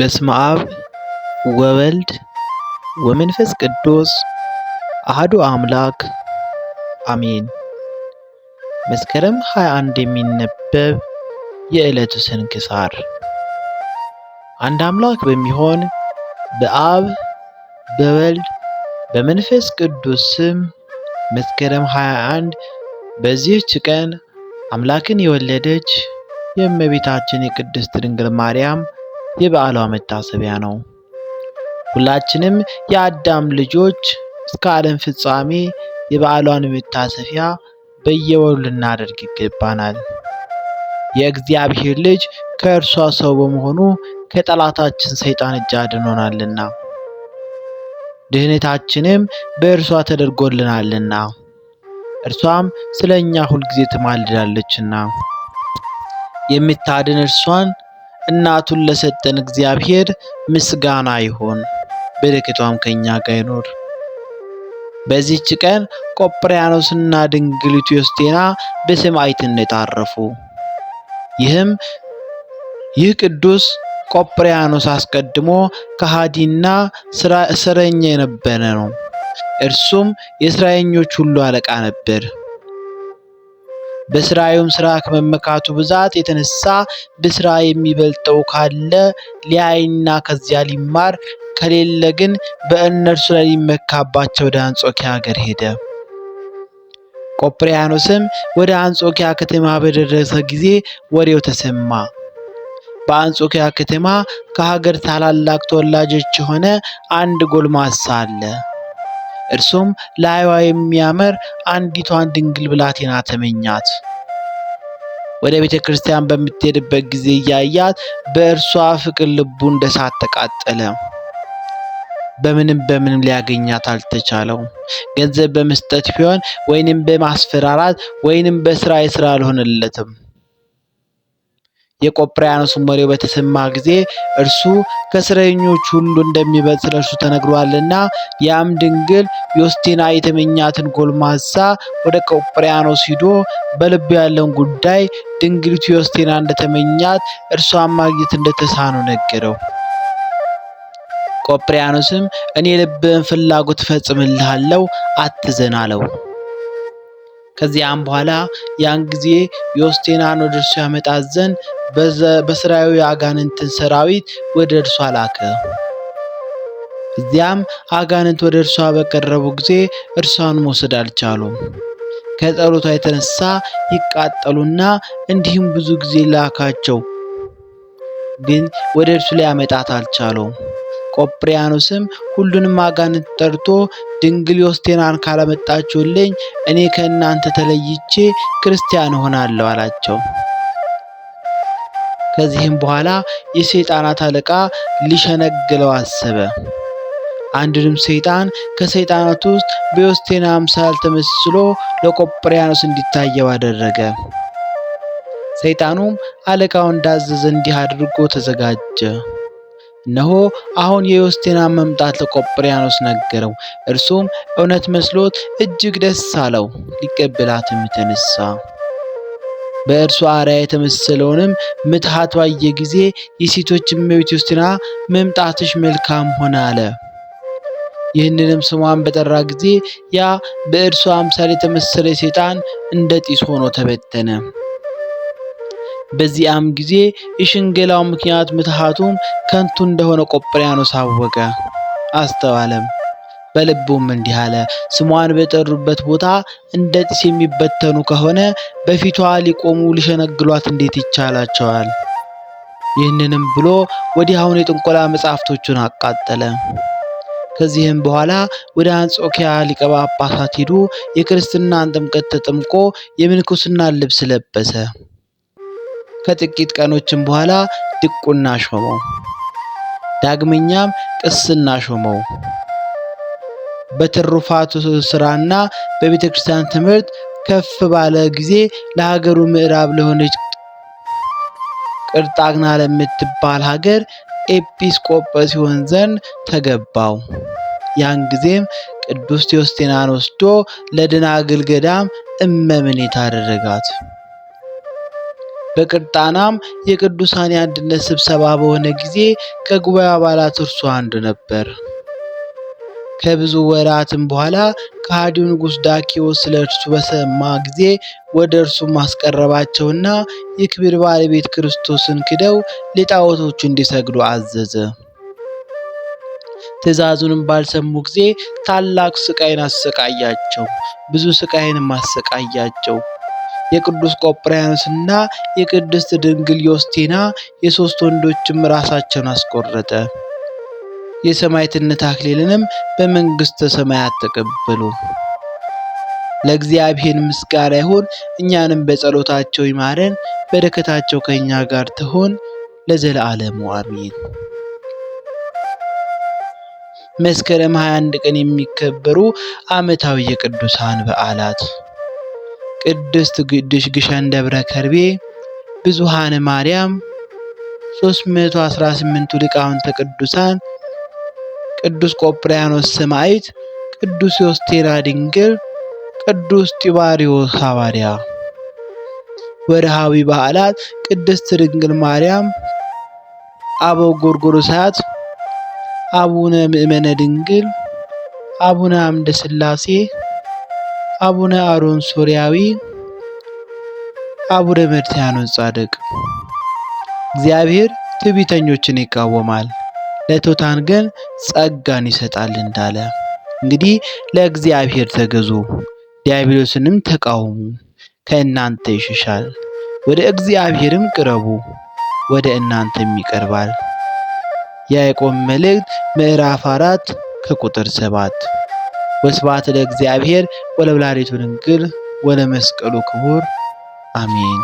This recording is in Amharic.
በስመ አብ ወወልድ ወመንፈስ ቅዱስ አህዱ አምላክ አሜን። መስከረም 21 የሚነበብ የዕለቱ ስንክሳር አንድ አምላክ በሚሆን በአብ በወልድ በመንፈስ ቅዱስ ስም መስከረም 21 በዚህች ቀን አምላክን የወለደች የእመቤታችን የቅድስት ድንግል ማርያም የበዓሏ መታሰቢያ ነው። ሁላችንም የአዳም ልጆች እስከ ዓለም ፍጻሜ የበዓሏን መታሰቢያ በየወሩ ልናደርግ ይገባናል። የእግዚአብሔር ልጅ ከእርሷ ሰው በመሆኑ ከጠላታችን ሰይጣን እጅ አድኖናልና ድህነታችንም በእርሷ ተደርጎልናልና እርሷም ስለ እኛ ሁልጊዜ ትማልዳለችና የምታድን እርሷን እናቱን ለሰጠን እግዚአብሔር ምስጋና ይሆን፣ በረከቷም ከኛ ጋር ይኖር። በዚህች ቀን ቆጵርያኖስና ድንግሊቱ ዮስቴና በሰማዕትነት አረፉ። ይህም ይህ ቅዱስ ቆጵርያኖስ አስቀድሞ ከሃዲና ስረኛ የነበረ ነው። እርሱም የእስረኞች ሁሉ አለቃ ነበር። በስራዩም ስራ ከመመካቱ ብዛት የተነሳ በስራ የሚበልጠው ካለ ሊያይና ከዚያ ሊማር ከሌለ ግን በእነርሱ ላይ ሊመካባቸው ወደ አንጾኪያ ሀገር ሄደ። ቆጵርያኖስም ወደ አንጾኪያ ከተማ በደረሰ ጊዜ ወሬው ተሰማ። በአንጾኪያ ከተማ ከሀገር ታላላቅ ተወላጆች የሆነ አንድ ጎልማሳ አለ። እርሱም ላይዋ የሚያምር አንዲቷን ድንግል ብላቴና ተመኛት። ወደ ቤተ ክርስቲያን በምትሄድበት ጊዜ እያያት በእርሷ ፍቅር ልቡ እንደ እሳት ተቃጠለ። በምንም በምንም ሊያገኛት አልተቻለው። ገንዘብ በመስጠት ቢሆን ወይንም በማስፈራራት ወይንም በስራ የስራ አልሆነለትም። የቆጵርያኖስም ወሬው በተሰማ ጊዜ እርሱ ከእስረኞች ሁሉ እንደሚበልጥ ስለ እርሱ ተነግሯልና ያም ድንግል ዮስቲና የተመኛትን ጎልማሳ ወደ ቆጵርያኖስ ሂዶ በልብ ያለውን ጉዳይ ድንግሊቱ ዮስቲና እንደተመኛት እርሷን ማግኘት እንደተሳነው ነገረው። ቆጵርያኖስም እኔ ልብን ፍላጎት እፈጽምልሃለሁ፣ አትዘን አለው። ከዚያም በኋላ ያን ጊዜ ዮስቴናን ወደ እርሱ ያመጣት ዘንድ በስራዊ አጋንንትን ሰራዊት ወደ እርሷ ላከ። እዚያም አጋንንት ወደ እርሷ በቀረቡ ጊዜ እርሷን መውሰድ አልቻሉም። ከጸሎቷ የተነሳ ይቃጠሉና እንዲሁም ብዙ ጊዜ ላካቸው፣ ግን ወደ እርሱ ያመጣት አልቻለውም። ቆጵሪያኖስም ሁሉንም አጋንንት ጠርቶ ድንግል ዮስቴናን ካላመጣችሁልኝ እኔ ከእናንተ ተለይቼ ክርስቲያን እሆናለሁ አላቸው። ከዚህም በኋላ የሰይጣናት አለቃ ሊሸነግለው አሰበ። አንድንም ሰይጣን ከሰይጣናት ውስጥ በዮስቴና አምሳል ተመስሎ ለቆጵሪያኖስ እንዲታየው አደረገ። ሰይጣኑም አለቃው እንዳዘዘ እንዲህ አድርጎ ተዘጋጀ። እነሆ አሁን የዮስቴና መምጣት ለቆጵሪያኖስ ነገረው። እርሱም እውነት መስሎት እጅግ ደስ አለው። ሊቀበላትም ተነሳ። በእርሱ አርያ የተመሰለውንም ምትሃት ባየ ጊዜ የሴቶች እመቤት ዮስቲና መምጣትሽ መልካም ሆነ አለ። ይህንንም ስሟን በጠራ ጊዜ ያ በእርሱ አምሳል የተመሰለ ሴጣን እንደ ጢስ ሆኖ ተበተነ። በዚያም ጊዜ የሽንገላው ምክንያት ምትሃቱም ከንቱ እንደሆነ ቆጵርያኖስ አወቀ አስተዋለም። በልቡም እንዲህ አለ፣ ስሟን በጠሩበት ቦታ እንደ ጢስ የሚበተኑ ከሆነ በፊቷ ሊቆሙ ሊሸነግሏት እንዴት ይቻላቸዋል? ይህንንም ብሎ ወዲያውኑ የጥንቆላ መጻሕፍቶቹን አቃጠለ። ከዚህም በኋላ ወደ አንጾኪያ ሊቀ ጳጳሳት ሄዶ የክርስትናን ጥምቀት ተጠምቆ የምንኩስናን ልብስ ለበሰ። ከጥቂት ቀኖችም በኋላ ድቁና ሾመው። ዳግመኛም ቅስና ሾመው። በትሩፋት ስራና በቤተ ክርስቲያን ትምህርት ከፍ ባለ ጊዜ ለሀገሩ ምዕራብ ለሆነች ቅርጣግና ለምትባል ሀገር ኤጲስቆጶስ ሲሆን ዘንድ ተገባው። ያን ጊዜም ቅዱስ ቴዎስቴናን ወስዶ ለደናግል ገዳም እመምኔት አደረጋት። በቅርጣናም የቅዱሳን የአንድነት ስብሰባ በሆነ ጊዜ ከጉባኤ አባላት እርሱ አንዱ ነበር። ከብዙ ወራትም በኋላ ከሃዲው ንጉሥ ዳኪዎስ ስለ እርሱ በሰማ ጊዜ ወደ እርሱ ማስቀረባቸውና የክብር ባለቤት ክርስቶስን ክደው ለጣዖቶቹ እንዲሰግዱ አዘዘ። ትእዛዙንም ባልሰሙ ጊዜ ታላቅ ስቃይን አሰቃያቸው። ብዙ ስቃይንም አሰቃያቸው። የቅዱስ ቆጵርያኖስና የቅድስት ድንግል ዮስቴና የሦስት ወንዶችም ራሳቸውን አስቆረጠ። የሰማዕትነት አክሊልንም በመንግሥተ ሰማያት ተቀበሉ። ለእግዚአብሔር ምስጋና ይሁን። እኛንም በጸሎታቸው ይማረን፣ በረከታቸው ከእኛ ጋር ትሆን ለዘለዓለሙ አሚን። መስከረም 21 ቀን የሚከበሩ ዓመታዊ የቅዱሳን በዓላት ቅድስት ግሸን ደብረ ከርቤ፣ ብዙሃን ማርያም፣ 318ቱ ሊቃውንተ ቅዱሳን ቅዱስ ቆጵርያኖስ ሰማዕት፣ ቅዱስ ዮስቴና ድንግል፣ ቅዱስ ጢባሪዮስ ሐዋርያ። ወርሃዊ በዓላት ቅድስት ድንግል ማርያም፣ አበው ጎርጎርሳት፣ አቡነ ምእመነ ድንግል፣ አቡነ አምደ ሥላሴ፣ አቡነ አሮን ሶርያዊ፣ አቡነ መርትያኖስ ጻድቅ። እግዚአብሔር ትዕቢተኞችን ይቃወማል ለቶታን ግን ጸጋን ይሰጣል እንዳለ። እንግዲህ ለእግዚአብሔር ተገዙ፣ ዲያብሎስንም ተቃውሙ፣ ከእናንተ ይሸሻል። ወደ እግዚአብሔርም ቅረቡ፣ ወደ እናንተም ይቀርባል። የያዕቆብ መልእክት ምዕራፍ አራት ከቁጥር ሰባት ወስብሐት ለእግዚአብሔር ወለወላዲቱ ድንግል ወለመስቀሉ ክቡር አሜን።